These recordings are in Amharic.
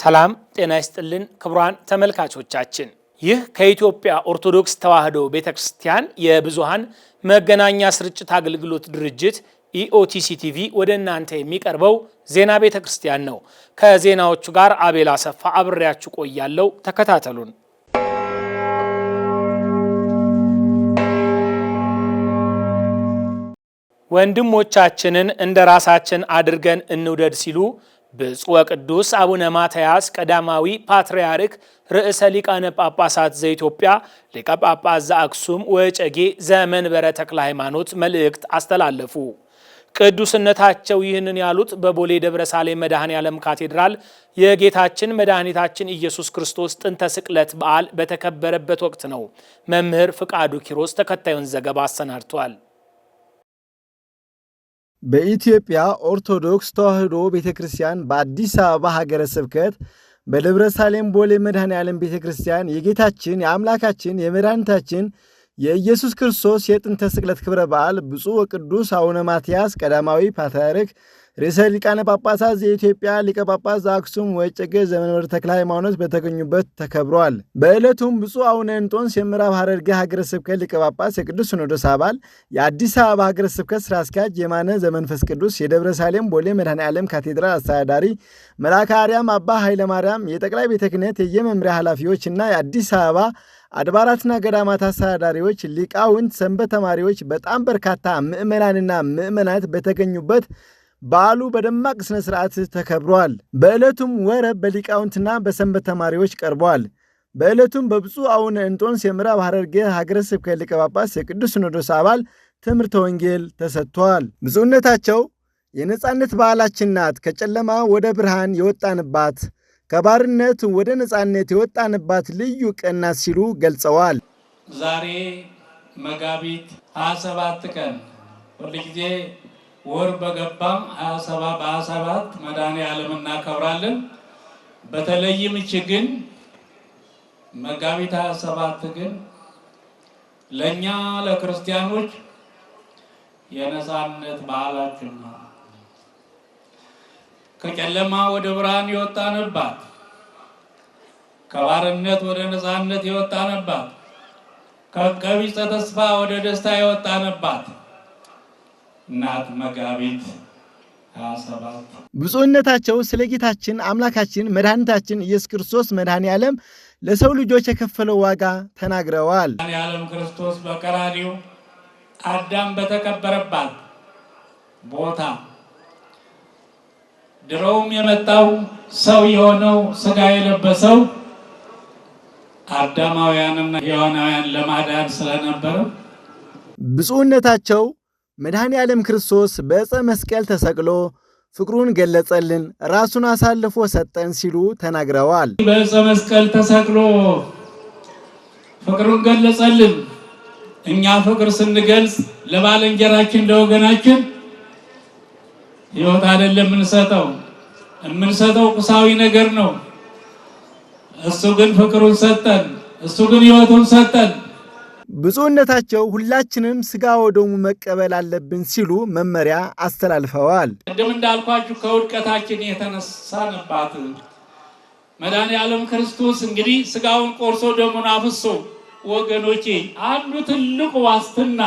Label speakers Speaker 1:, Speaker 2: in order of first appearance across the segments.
Speaker 1: ሰላም ጤና ይስጥልን ክቡራን ተመልካቾቻችን፣ ይህ ከኢትዮጵያ ኦርቶዶክስ ተዋሕዶ ቤተ ክርስቲያን የብዙሃን መገናኛ ስርጭት አገልግሎት ድርጅት ኢኦቲሲ ቲቪ ወደ እናንተ የሚቀርበው ዜና ቤተ ክርስቲያን ነው። ከዜናዎቹ ጋር አቤል አሰፋ አብሬያችሁ ቆያለው። ተከታተሉን። ወንድሞቻችንን እንደ ራሳችን አድርገን እንውደድ ሲሉ ብፁዕ ቅዱስ አቡነ ማትያስ ቀዳማዊ ፓትርያርክ ርዕሰ ሊቃነ ጳጳሳት ዘኢትዮጵያ ሊቀ ጳጳስ ዘአክሱም ወጨጌ ዘመንበረ ተክለ ሃይማኖት መልእክት አስተላለፉ። ቅዱስነታቸው ይህንን ያሉት በቦሌ ደብረ ሳሌም መድኃኔ ዓለም ካቴድራል የጌታችን መድኃኒታችን ኢየሱስ ክርስቶስ ጥንተ ስቅለት በዓል በተከበረበት ወቅት ነው። መምህር ፍቃዱ ኪሮስ ተከታዩን ዘገባ አሰናድቷል። በኢትዮጵያ ኦርቶዶክስ ተዋሕዶ ቤተ ክርስቲያን በአዲስ አበባ ሀገረ ስብከት በደብረ ሳሌም ቦሌ መድኃኔ ዓለም ቤተ ክርስቲያን የጌታችን የአምላካችን የመድኃኒታችን የኢየሱስ ክርስቶስ የጥንተ ስቅለት ክብረ በዓል ብፁዕ ወቅዱስ አቡነ ማትያስ ቀዳማዊ ፓትርያርክ ርዕሰ ሊቃነ ጳጳሳት የኢትዮጵያ ሊቀ ጳጳስ ዘአክሱም ወዕጨጌ ዘመንበረ ተክለ ሃይማኖት በተገኙበት ተከብረዋል። በዕለቱም ብፁዕ አቡነ እንጦንስ የምዕራብ ሐረርጌ ሀገረ ስብከት ሊቀ ጳጳስ፣ የቅዱስ ሲኖዶስ አባል፣ የአዲስ አበባ ሀገረ ስብከት ስራ አስኪያጅ የማነ ዘመንፈስ ቅዱስ፣ የደብረ ሳሌም ቦሌ መድኃኔ ዓለም ካቴድራል አስተዳዳሪ መልአከ አርያም አባ ኃይለማርያም፣ የጠቅላይ ቤተ ክህነት የየመምሪያ ኃላፊዎች እና የአዲስ አበባ አድባራትና ገዳማት አስተዳዳሪዎች፣ ሊቃውንት፣ ሰንበት ተማሪዎች፣ በጣም በርካታ ምዕመናንና ምዕመናት በተገኙበት በዓሉ በደማቅ ሥነ ሥርዓት ተከብሯል። በዕለቱም ወረብ በሊቃውንትና በሰንበት ተማሪዎች ቀርቧል። በዕለቱም በብፁዕ አቡነ እንጦንስ የምዕራብ ሐረርጌ ሀገረ ስብከት ሊቀ ጳጳስ የቅዱስ ሲኖዶስ አባል ትምህርተ ወንጌል ተሰጥቷል። ብፁዕነታቸው የነፃነት በዓላችን ናት፣ ከጨለማ ወደ ብርሃን የወጣንባት ከባርነት ወደ ነፃነት የወጣንባት ልዩ ቀን ናት ሲሉ ገልጸዋል።
Speaker 2: ዛሬ መጋቢት 27 ቀን ሁልጊዜ ወር በገባ 27 በ27 መድኃኔ ዓለም እናከብራለን። በተለይም እቺ ግን መጋቢት 27 ግን ለእኛ ለክርስቲያኖች የነፃነት በዓላችን ነው። ከጨለማ ወደ ብርሃን የወጣንባት፣ ከባርነት ወደ ነፃነት የወጣንባት፣ ከቀቢጸ ተስፋ ወደ ደስታ የወጣንባት ናት መጋቢት
Speaker 1: ብፁዕነታቸው ስለ ጌታችን አምላካችን መድኃኒታችን ኢየሱስ ክርስቶስ መድኃኔ ዓለም ለሰው ልጆች የከፈለው ዋጋ ተናግረዋል።
Speaker 2: መድኃኔ ዓለም ክርስቶስ በቀራኒው አዳም በተቀበረባት ቦታ ድሮውም የመጣው ሰው የሆነው ስጋ የለበሰው አዳማውያንና ሔዋናውያን ለማዳን ስለነበረ
Speaker 1: ብፁዕነታቸው መድኃኔ ዓለም ክርስቶስ በዕፀ መስቀል ተሰቅሎ ፍቅሩን ገለጸልን፣ ራሱን አሳልፎ ሰጠን ሲሉ ተናግረዋል።
Speaker 2: በዕፀ መስቀል ተሰቅሎ ፍቅሩን ገለጸልን። እኛ ፍቅር ስንገልጽ ለባለንጀራችን ለወገናችን ሕይወት አይደለም የምንሰጠው፣ የምንሰጠው ቁሳዊ ነገር ነው። እሱ ግን ፍቅሩን ሰጠን። እሱ ግን ሕይወቱን ሰጠን።
Speaker 1: ብፁዕነታቸው ሁላችንም ስጋ ወደሙ መቀበል አለብን ሲሉ መመሪያ አስተላልፈዋል።
Speaker 2: ቅድም እንዳልኳችሁ ከውድቀታችን የተነሳንባት መድኃኔ ዓለም ክርስቶስ እንግዲህ ስጋውን ቆርሶ ደሙን አፍሶ ወገኖቼ አንዱ ትልቁ ዋስትና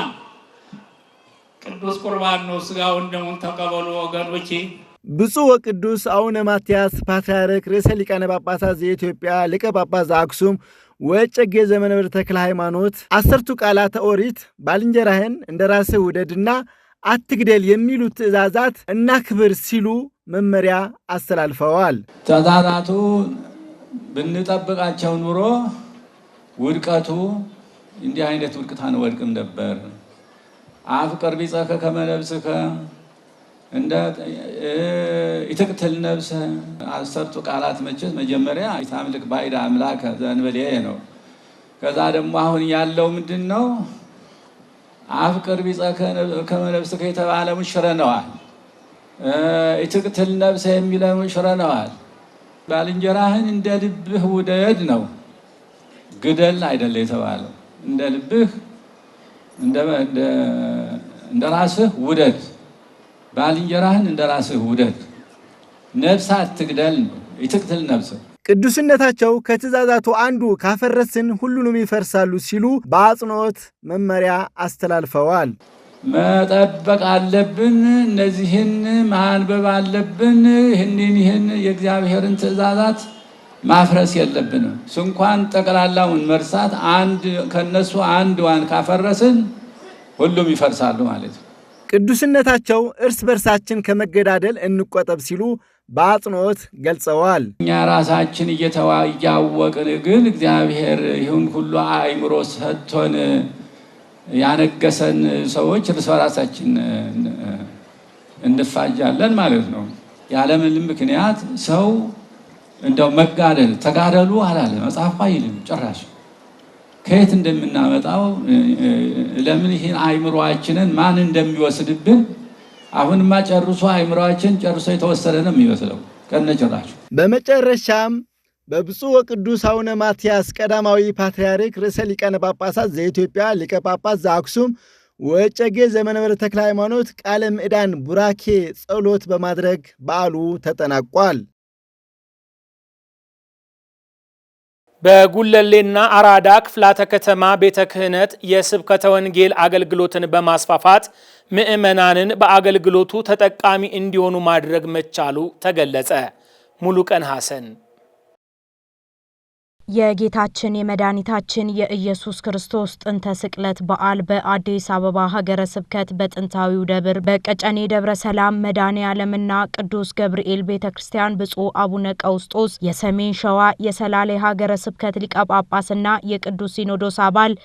Speaker 2: ቅዱስ ቁርባን ነው። ስጋውን ደሙን ተቀበሉ ወገኖቼ።
Speaker 1: ብፁዕ ወቅዱስ አቡነ ማትያስ ፓትርያርክ ርዕሰ ሊቃነ ጳጳሳት ዘኢትዮጵያ ሊቀ ጳጳስ ዘአክሱም ወጨጌ ዘመንበረ ተክለ ሃይማኖት አሰርቱ ቃላተ ኦሪት ባልንጀራህን እንደ ራስህ ውደድና አትግደል የሚሉ ትእዛዛት እና ክብር ሲሉ መመሪያ አስተላልፈዋል።
Speaker 2: ትእዛዛቱ ብንጠብቃቸው ኑሮ ውድቀቱ እንዲህ አይነት ውድቅት አንወድቅም ነበር። አፍቅር ቢጸከ ከመ ይትቅትል ነብሰ አሰርቱ ቃላት መቼስ መጀመሪያ ታምልክ ባዕድ አምላክ ዘእንበሌየ ነው። ከዛ ደግሞ አሁን ያለው ምንድን ነው? አፍቅር ቢጸከ ከመነብስከ የተባለ ሙሽረ ነዋል። ይትቅትል ነብሰ የሚለ ሙሽረ ነዋል። ባልንጀራህን እንደ ልብህ ውደድ ነው፣ ግደል አይደለ የተባለው። እንደ ልብህ እንደ ራስህ ውደድ ባልንጀራህን እንደ ራስህ ውደድ፣ ነፍስ አትግደል፣ ይትቅትል ነፍስ
Speaker 1: ቅዱስነታቸው ከትእዛዛቱ አንዱ ካፈረስን ሁሉንም ይፈርሳሉ ሲሉ በአጽንኦት መመሪያ አስተላልፈዋል።
Speaker 2: መጠበቅ አለብን። እነዚህን ማንበብ አለብን። ይህንን ይህን የእግዚአብሔርን ትእዛዛት ማፍረስ የለብንም። ስንኳን ጠቅላላውን መርሳት አንድ ከነሱ አንድ ዋን ካፈረስን ሁሉም ይፈርሳሉ ማለት ነው።
Speaker 1: ቅዱስነታቸው እርስ በርሳችን ከመገዳደል እንቆጠብ ሲሉ በአጽንኦት ገልጸዋል።
Speaker 2: እኛ ራሳችን እያወቅን ግን እግዚአብሔር ይህን ሁሉ አእምሮ ሰጥቶን ያነገሰን ሰዎች እርስ በራሳችን እንፋጃለን ማለት ነው። ያለምን ምክንያት ሰው እንደው መጋደል ተጋደሉ አላለ መጽሐፍ አይልም ጭራሽ ከየት እንደምናመጣው ለምን ይህን አእምሯችንን ማን እንደሚወስድብን አሁንማ ጨርሶ አይምሮችን ጨርሶ የተወሰደ ነው የሚመስለው ቀነ ጭራችሁ።
Speaker 1: በመጨረሻም በብፁዕ ወቅዱስ አቡነ ማትያስ ቀዳማዊ ፓትርያርክ ርዕሰ ሊቃነ ጳጳሳት ዘኢትዮጵያ ሊቀ ጳጳስ ዘአክሱም ወጨጌ ዘመንበረ ተክለ ሃይማኖት ቃለ ምዕዳን ቡራኬ ጸሎት በማድረግ በዓሉ ተጠናቋል። በጉለሌና አራዳ ክፍላተ ከተማ ቤተ ክህነት የስብከተ ወንጌል አገልግሎትን በማስፋፋት ምዕመናንን በአገልግሎቱ ተጠቃሚ እንዲሆኑ ማድረግ መቻሉ ተገለጸ። ሙሉቀን ሐሰን
Speaker 3: የጌታችን የመድኃኒታችን የኢየሱስ ክርስቶስ ጥንተ ስቅለት በዓል በአዲስ አበባ ሀገረ ስብከት በጥንታዊው ደብር በቀጨኔ ደብረ ሰላም መድኃኔ ዓለምና ቅዱስ ገብርኤል ቤተ ክርስቲያን ብፁዕ አቡነ ቀውስጦስ የሰሜን ሸዋ የሰላሌ ሀገረ ስብከት ሊቀ ጳጳስና የቅዱስ ሲኖዶስ አባል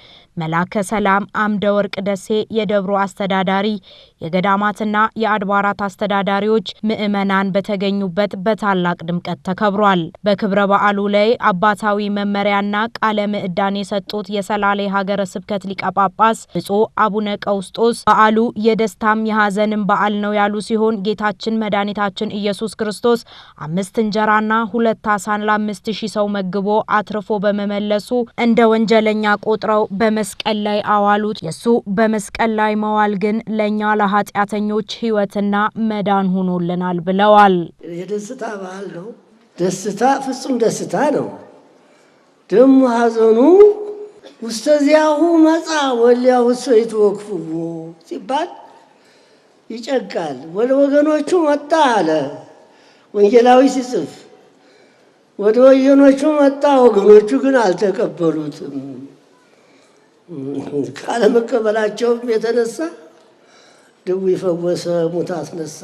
Speaker 3: መላከ ሰላም አምደ ወርቅ ደሴ የደብሮ አስተዳዳሪ፣ የገዳማትና የአድባራት አስተዳዳሪዎች፣ ምዕመናን በተገኙበት በታላቅ ድምቀት ተከብሯል። በክብረ በዓሉ ላይ አባታዊ መመሪያና ቃለ ምዕዳን የሰጡት የሰላሌ ሀገረ ስብከት ሊቀ ጳጳስ ብፁዕ አቡነ ቀውስጦስ በዓሉ የደስታም የሐዘንም በዓል ነው ያሉ ሲሆን ጌታችን መድኃኒታችን ኢየሱስ ክርስቶስ አምስት እንጀራና ሁለት አሳን ለአምስት ሺህ ሰው መግቦ አትርፎ በመመለሱ እንደ ወንጀለኛ ቆጥረው በመ መስቀል ላይ አዋሉት። የእሱ በመስቀል ላይ መዋል ግን ለእኛ ለኃጢአተኞች ህይወትና መዳን ሆኖልናል ብለዋል።
Speaker 4: የደስታ በዓል ነው። ደስታ ፍጹም ደስታ ነው። ደሞ ሀዘኑ ውስተዚያሁ መጻ ወሊያሁ ወክፍዎ ሲባል ይጨቃል። ወደ ወገኖቹ መጣ አለ ወንጌላዊ ሲጽፍ ወደ ወገኖቹ መጣ፣ ወገኖቹ ግን አልተቀበሉትም። ካለመቀበላቸውም የተነሳ ድዊ ፈወሰ፣ ሙት አስነሳ፣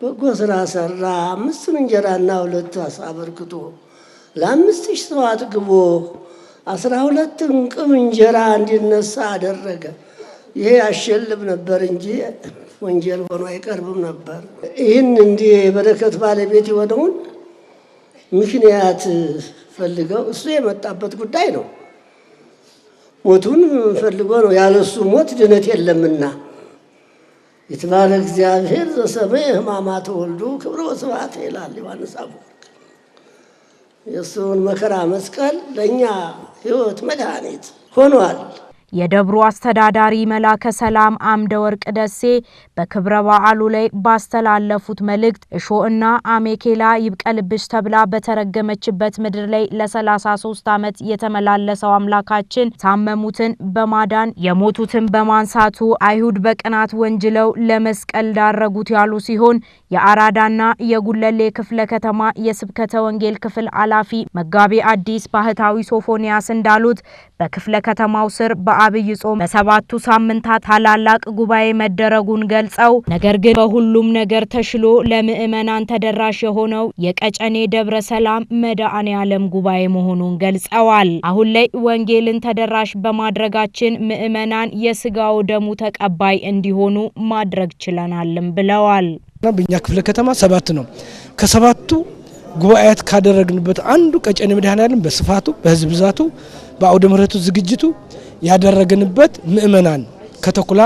Speaker 4: በጎ ስራ ሰራ። አምስቱን እንጀራና ሁለት አሳ አበርክቶ ለአምስት ሺህ ሰው አጥግቦ አስራ ሁለት እንቅብ እንጀራ እንዲነሳ አደረገ። ይሄ ያሸልም ነበር እንጂ ወንጀል ሆኖ አይቀርብም ነበር። ይህን እንዲህ የበረከት ባለቤት የሆነውን ምክንያት ፈልገው እሱ የመጣበት ጉዳይ ነው። ሞቱን ፈልጎ ነው ያለሱ ሞት ድነት የለምና የተባለ እግዚአብሔር ዘሰመየ ሕማማ ተወልዱ ክብረ ስባት ይላል ዮሐንስ አቡ የእሱን መከራ መስቀል ለእኛ ሕይወት መድኃኒት ሆኗል።
Speaker 3: የደብሩ አስተዳዳሪ መላከ ሰላም አምደ ወርቅ ደሴ በክብረ በዓሉ ላይ ባስተላለፉት መልእክት እሾ እና አሜኬላ ይብቀልብሽ ተብላ በተረገመችበት ምድር ላይ ለ33 ዓመት የተመላለሰው አምላካችን ታመሙትን በማዳን የሞቱትን በማንሳቱ አይሁድ በቅናት ወንጅለው ለመስቀል ዳረጉት ያሉ ሲሆን የአራዳና የጉለሌ ክፍለ ከተማ የስብከተ ወንጌል ክፍል ኃላፊ መጋቤ አዲስ ባህታዊ ሶፎንያስ እንዳሉት በክፍለ ከተማው ስር በአብይ ጾም በሰባቱ ሳምንታት ታላላቅ ጉባኤ መደረጉን ገልጸው ነገር ግን በሁሉም ነገር ተሽሎ ለምዕመናን ተደራሽ የሆነው የቀጨኔ ደብረ ሰላም መድኃኔ ዓለም ጉባኤ መሆኑን ገልጸዋል። አሁን ላይ ወንጌልን ተደራሽ በማድረጋችን ምዕመናን የስጋው ደሙ ተቀባይ እንዲሆኑ ማድረግ ችለናልም ብለዋል።
Speaker 5: በእኛ ክፍለ ከተማ ሰባት ነው። ከሰባቱ ጉባኤያት ካደረግንበት አንዱ ቀጨኔ መድኃኔ ዓለም በስፋቱ በህዝብ ብዛቱ በአውደ ምሕረቱ ዝግጅቱ ያደረግንበት ምእመናን ከተኩላ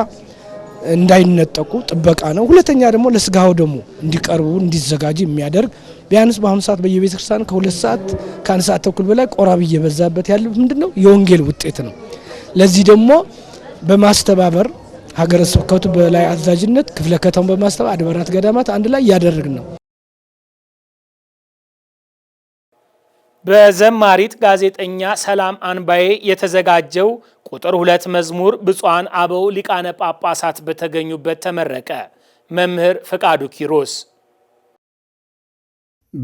Speaker 5: እንዳይነጠቁ ጥበቃ ነው። ሁለተኛ ደግሞ ለስጋው ደግሞ እንዲቀርቡ እንዲዘጋጅ የሚያደርግ ቢያንስ በአሁኑ ሰዓት በየቤተ ክርስቲያን ከሁለት ሰዓት ከአንድ ሰዓት ተኩል በላይ ቆራብ እየበዛበት ያለ ምንድን ነው የወንጌል ውጤት ነው። ለዚህ ደግሞ በማስተባበር ሀገረ ስብከቱ በላይ አዛዥነት ክፍለ ከተማ በማስተባበር አድባራት ገዳማት አንድ ላይ እያደረግን ነው።
Speaker 1: በዘማሪት ጋዜጠኛ ሰላም አንባዬ የተዘጋጀው ቁጥር ሁለት መዝሙር ብፁዓን አበው ሊቃነ ጳጳሳት በተገኙበት ተመረቀ። መምህር ፍቃዱ ኪሮስ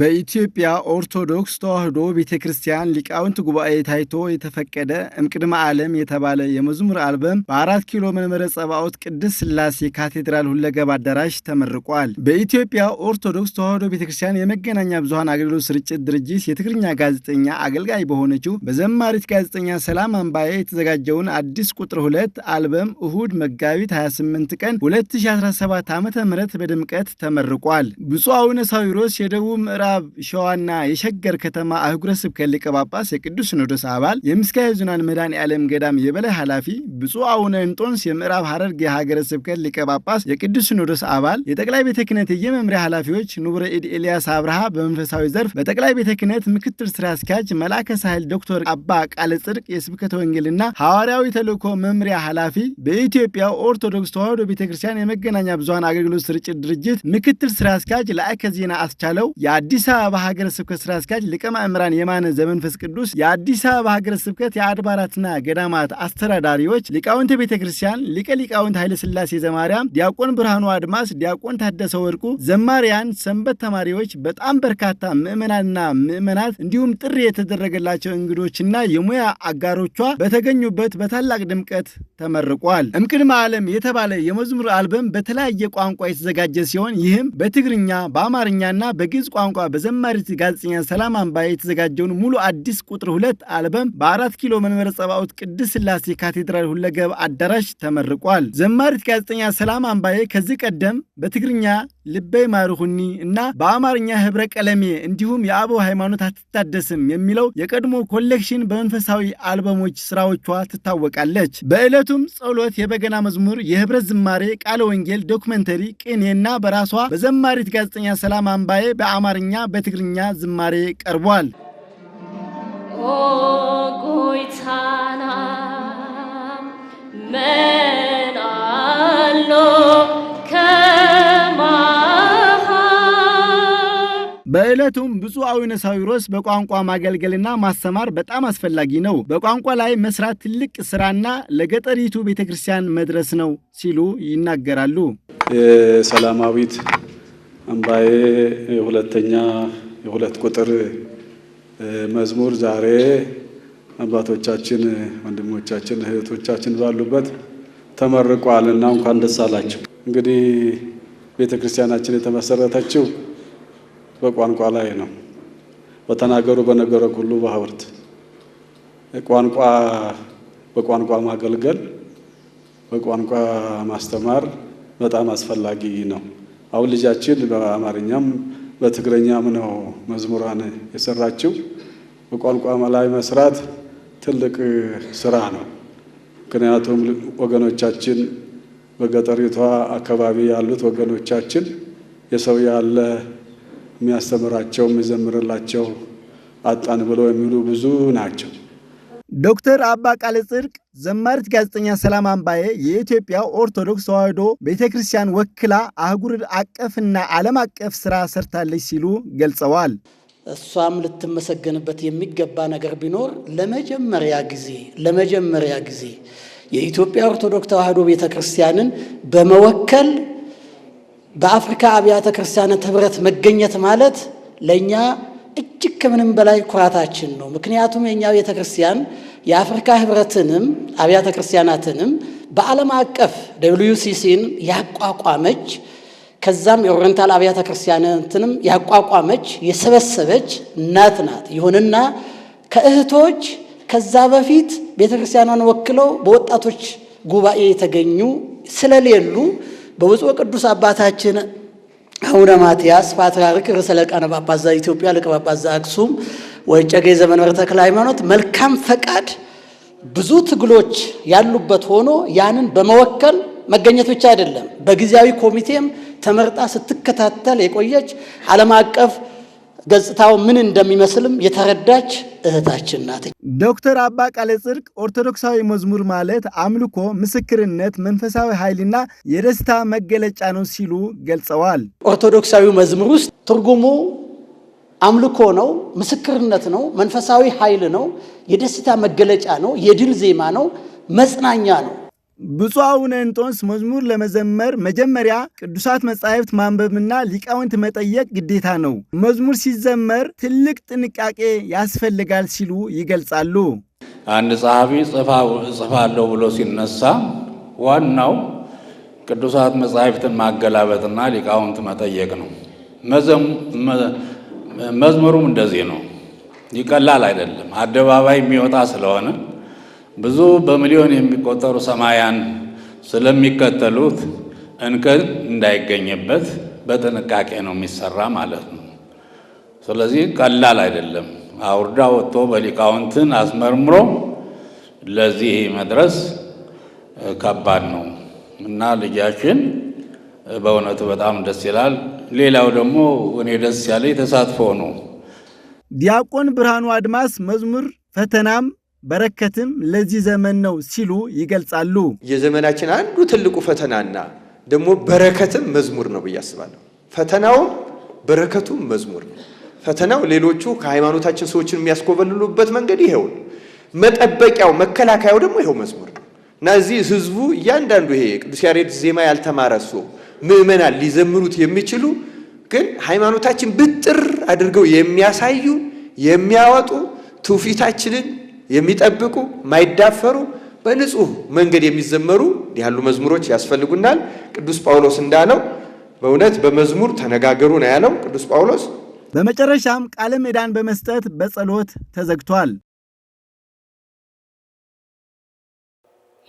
Speaker 1: በኢትዮጵያ ኦርቶዶክስ ተዋሕዶ ቤተ ክርስቲያን ሊቃውንት ጉባኤ ታይቶ የተፈቀደ እምቅድመ ዓለም የተባለ የመዝሙር አልበም በአራት ኪሎ መንበረ ጸባኦት ቅድስት ስላሴ ካቴድራል ሁለገብ አዳራሽ ተመርቋል። በኢትዮጵያ ኦርቶዶክስ ተዋሕዶ ቤተ ክርስቲያን የመገናኛ ብዙኃን አገልግሎት ስርጭት ድርጅት የትግርኛ ጋዜጠኛ አገልጋይ በሆነችው በዘማሪት ጋዜጠኛ ሰላም አምባዬ የተዘጋጀውን አዲስ ቁጥር ሁለት አልበም እሁድ መጋቢት 28 ቀን 2017 ዓ ም በድምቀት ተመርቋል። ብፁዕ አቡነ ሳዊሮስ የደቡብ የምዕራብ ሸዋና የሸገር ከተማ አህጉረ ስብከት ሊቀ ጳጳስ፣ የቅዱስ ሲኖዶስ አባል፣ የምስካየ ኅዙናን መድኃኔዓለም ገዳም የበላይ ኃላፊ፣ ብፁዕ አቡነ እንጦንስ የምዕራብ ሐረርጌ የሀገረ ስብከት ሊቀ ጳጳስ፣ የቅዱስ ሲኖዶስ አባል፣ የጠቅላይ ቤተ ክህነት የመምሪያ ኃላፊዎች፣ ንቡረ ኢድ ኤልያስ አብርሃ በመንፈሳዊ ዘርፍ በጠቅላይ ቤተ ክህነት ምክትል ስራ አስኪያጅ፣ መላከ ሳህል ዶክተር አባ ቃለ ጽድቅ የስብከተ ወንጌልና ሐዋርያዊ ተልእኮ መምሪያ ኃላፊ በኢትዮጵያ ኦርቶዶክስ ተዋህዶ ቤተ ክርስቲያን የመገናኛ ብዙሀን አገልግሎት ስርጭት ድርጅት ምክትል ስራ አስኪያጅ፣ ለአይከ ዜና አስቻለው የአዲስ አበባ ሀገረ ስብከት ስራ አስኪያጅ ሊቀ ማእምራን የማነ ዘመንፈስ ቅዱስ፣ የአዲስ አበባ ሀገረ ስብከት የአድባራትና ገዳማት አስተዳዳሪዎች፣ ሊቃውንተ ቤተ ክርስቲያን፣ ሊቀ ሊቃውንት ኃይለ ስላሴ ዘማርያም፣ ዲያቆን ብርሃኑ አድማስ፣ ዲያቆን ታደሰ ወርቁ፣ ዘማሪያን፣ ሰንበት ተማሪዎች፣ በጣም በርካታ ምዕመናንና ምዕመናት እንዲሁም ጥሪ የተደረገላቸው እንግዶችና የሙያ አጋሮቿ በተገኙበት በታላቅ ድምቀት ተመርቋል። እምቅድመ ዓለም የተባለ የመዝሙር አልበም በተለያየ ቋንቋ የተዘጋጀ ሲሆን ይህም በትግርኛ በአማርኛና በግዕዝ ቋንቋ ቋንቋ በዘማሪት ጋዜጠኛ ሰላም አምባዬ የተዘጋጀውን ሙሉ አዲስ ቁጥር ሁለት አልበም በአራት ኪሎ መንበረ ጸባኦት ቅድስት ስላሴ ካቴድራል ሁለገብ አዳራሽ ተመርቋል። ዘማሪት ጋዜጠኛ ሰላም አምባዬ ከዚህ ቀደም በትግርኛ ልበይ ማርሁኒ እና በአማርኛ ህብረ ቀለሜ እንዲሁም የአበው ሃይማኖት አትታደስም የሚለው የቀድሞ ኮሌክሽን በመንፈሳዊ አልበሞች ስራዎቿ ትታወቃለች። በዕለቱም ጸሎት፣ የበገና መዝሙር፣ የህብረት ዝማሬ፣ ቃለ ወንጌል፣ ዶክመንተሪ፣ ቅኔና በራሷ በዘማሪት ጋዜጠኛ ሰላም አምባዬ በአማርኛ በአማርኛ በትግርኛ ዝማሬ ቀርቧል። በዕለቱም ብፁዕ አቡነ ሳዊሮስ በቋንቋ ማገልገልና ማስተማር በጣም አስፈላጊ ነው፣ በቋንቋ ላይ መስራት ትልቅ ስራና ለገጠሪቱ ቤተ ክርስቲያን መድረስ ነው ሲሉ ይናገራሉ።
Speaker 6: የሰላማዊት አምባዬ የሁለተኛ የሁለት ቁጥር መዝሙር ዛሬ አባቶቻችን፣ ወንድሞቻችን፣ እህቶቻችን ባሉበት ተመርቋል እና እንኳን ደስ አላቸው። እንግዲህ ቤተ ክርስቲያናችን የተመሰረተችው በቋንቋ ላይ ነው። በተናገሩ በነገረ ሁሉ በሀውርት ቋንቋ በቋንቋ ማገልገል፣ በቋንቋ ማስተማር በጣም አስፈላጊ ነው። አሁን ልጃችን በአማርኛም በትግረኛም ነው መዝሙራን የሰራችው። በቋንቋ ላይ መስራት ትልቅ ስራ ነው። ምክንያቱም ወገኖቻችን በገጠሪቷ አካባቢ ያሉት ወገኖቻችን የሰው ያለ የሚያስተምራቸው የሚዘምርላቸው አጣን ብለው የሚሉ ብዙ ናቸው።
Speaker 1: ዶክተር አባ ቃለ ጽድቅ ዘማሪት ጋዜጠኛ ሰላም አምባዬ የኢትዮጵያ ኦርቶዶክስ ተዋሕዶ ቤተ ክርስቲያን ወክላ አህጉር አቀፍና ዓለም አቀፍ ስራ ሰርታለች ሲሉ ገልጸዋል።
Speaker 7: እሷም ልትመሰገንበት የሚገባ ነገር ቢኖር ለመጀመሪያ ጊዜ ለመጀመሪያ ጊዜ የኢትዮጵያ ኦርቶዶክስ ተዋሕዶ ቤተ ክርስቲያንን በመወከል በአፍሪካ አብያተ ክርስቲያናት ህብረት መገኘት ማለት ለእኛ እጅግ ከምንም በላይ ኩራታችን ነው። ምክንያቱም የእኛ ቤተ ክርስቲያን የአፍሪካ ህብረትንም አብያተ ክርስቲያናትንም በዓለም አቀፍ ደብልዩሲሲን ያቋቋመች ከዛም የኦሪንታል አብያተ ክርስቲያናትንም ያቋቋመች የሰበሰበች እናት ናት። ይሁንና ከእህቶች ከዛ በፊት ቤተ ክርስቲያኗን ወክለው በወጣቶች ጉባኤ የተገኙ ስለሌሉ በብፁዕ ቅዱስ አባታችን አቡነ ማትያስ ፓትርያርክ ርእሰ ሊቃነ ጳጳሳት ዘኢትዮጵያ ሊቀ ጳጳስ ዘአክሱም ወዕጨጌ ዘመንበረ ተክለ ሃይማኖት መልካም ፈቃድ ብዙ ትግሎች ያሉበት ሆኖ ያንን በመወከል መገኘት ብቻ አይደለም፣ በጊዜያዊ ኮሚቴም ተመርጣ ስትከታተል የቆየች ዓለም አቀፍ ገጽታው ምን እንደሚመስልም የተረዳች እህታችን ናት።
Speaker 1: ዶክተር አባ ቃለ ጽድቅ ኦርቶዶክሳዊ መዝሙር ማለት አምልኮ፣ ምስክርነት፣ መንፈሳዊ ኃይልና የደስታ መገለጫ ነው ሲሉ ገልጸዋል።
Speaker 7: ኦርቶዶክሳዊ መዝሙር ውስጥ ትርጉሙ አምልኮ ነው፣ ምስክርነት ነው፣ መንፈሳዊ ኃይል ነው፣ የደስታ መገለጫ ነው፣ የድል ዜማ ነው፣ መጽናኛ ነው።
Speaker 1: ብፁዕ አቡነ እንጦንስ መዝሙር ለመዘመር መጀመሪያ ቅዱሳት መጻሕፍት ማንበብና ሊቃውንት መጠየቅ ግዴታ ነው። መዝሙር ሲዘመር ትልቅ ጥንቃቄ ያስፈልጋል ሲሉ ይገልጻሉ።
Speaker 8: አንድ ጸሐፊ ጽፋለሁ ብሎ ሲነሳ ዋናው ቅዱሳት መጻሕፍትን ማገላበጥና ሊቃውንት መጠየቅ ነው። መዝሙሩም እንደዚህ ነው። ይቀላል አይደለም። አደባባይ የሚወጣ ስለሆነ ብዙ በሚሊዮን የሚቆጠሩ ሰማያን ስለሚከተሉት እንከን እንዳይገኝበት በጥንቃቄ ነው የሚሰራ ማለት ነው። ስለዚህ ቀላል አይደለም። አውርዳ ወጥቶ በሊቃውንትን አስመርምሮ ለዚህ መድረስ ከባድ ነው እና ልጃችን በእውነቱ በጣም ደስ ይላል። ሌላው ደግሞ እኔ ደስ ያለ ተሳትፎ ነው።
Speaker 1: ዲያቆን ብርሃኑ አድማስ መዝሙር ፈተናም በረከትም ለዚህ ዘመን ነው ሲሉ ይገልጻሉ።
Speaker 9: የዘመናችን አንዱ ትልቁ ፈተናና ደግሞ በረከትም መዝሙር ነው ብዬ አስባለሁ። ፈተናውም በረከቱም መዝሙር ነው። ፈተናው ሌሎቹ ከሃይማኖታችን ሰዎችን የሚያስኮበልሉበት መንገድ ነው። መጠበቂያው መከላከያው ደግሞ ይሄው መዝሙር ነው እና እዚህ ህዝቡ እያንዳንዱ ይሄ ቅዱስ ያሬድ ዜማ ያልተማረ ሰው ምእመናን ሊዘምሩት የሚችሉ ግን ሃይማኖታችን ብጥር አድርገው የሚያሳዩ የሚያወጡ ትውፊታችንን የሚጠብቁ ማይዳፈሩ በንጹህ መንገድ የሚዘመሩ ያሉ መዝሙሮች ያስፈልጉናል። ቅዱስ ጳውሎስ እንዳለው በእውነት በመዝሙር ተነጋገሩ ነው ያለው ቅዱስ ጳውሎስ።
Speaker 1: በመጨረሻም ቃለ ምዕዳን በመስጠት በጸሎት ተዘግቷል።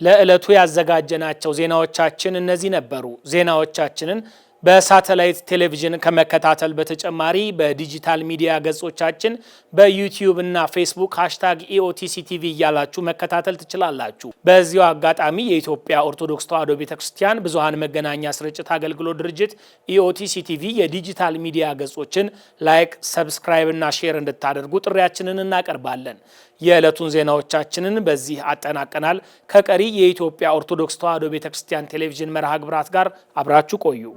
Speaker 1: ለዕለቱ ያዘጋጀናቸው ዜናዎቻችን እነዚህ ነበሩ። ዜናዎቻችንን በሳተላይት ቴሌቪዥን ከመከታተል በተጨማሪ በዲጂታል ሚዲያ ገጾቻችን በዩቲዩብ እና ፌስቡክ ሃሽታግ ኢኦቲሲ ቲቪ እያላችሁ መከታተል ትችላላችሁ። በዚሁ አጋጣሚ የኢትዮጵያ ኦርቶዶክስ ተዋሕዶ ቤተ ክርስቲያን መገናኛ ስርጭት አገልግሎት ድርጅት ኢኦቲሲ ቲቪ የዲጂታል ሚዲያ ገጾችን ላይክ፣ ሰብስክራይብ እና ሼር እንድታደርጉ ጥሪያችንን እናቀርባለን። የዕለቱን ዜናዎቻችንን በዚህ አጠናቀናል። ከቀሪ የኢትዮጵያ ኦርቶዶክስ ተዋሕዶ ቤተ ክርስቲያን ቴሌቪዥን መርሃ ግብራት ጋር አብራችሁ ቆዩ።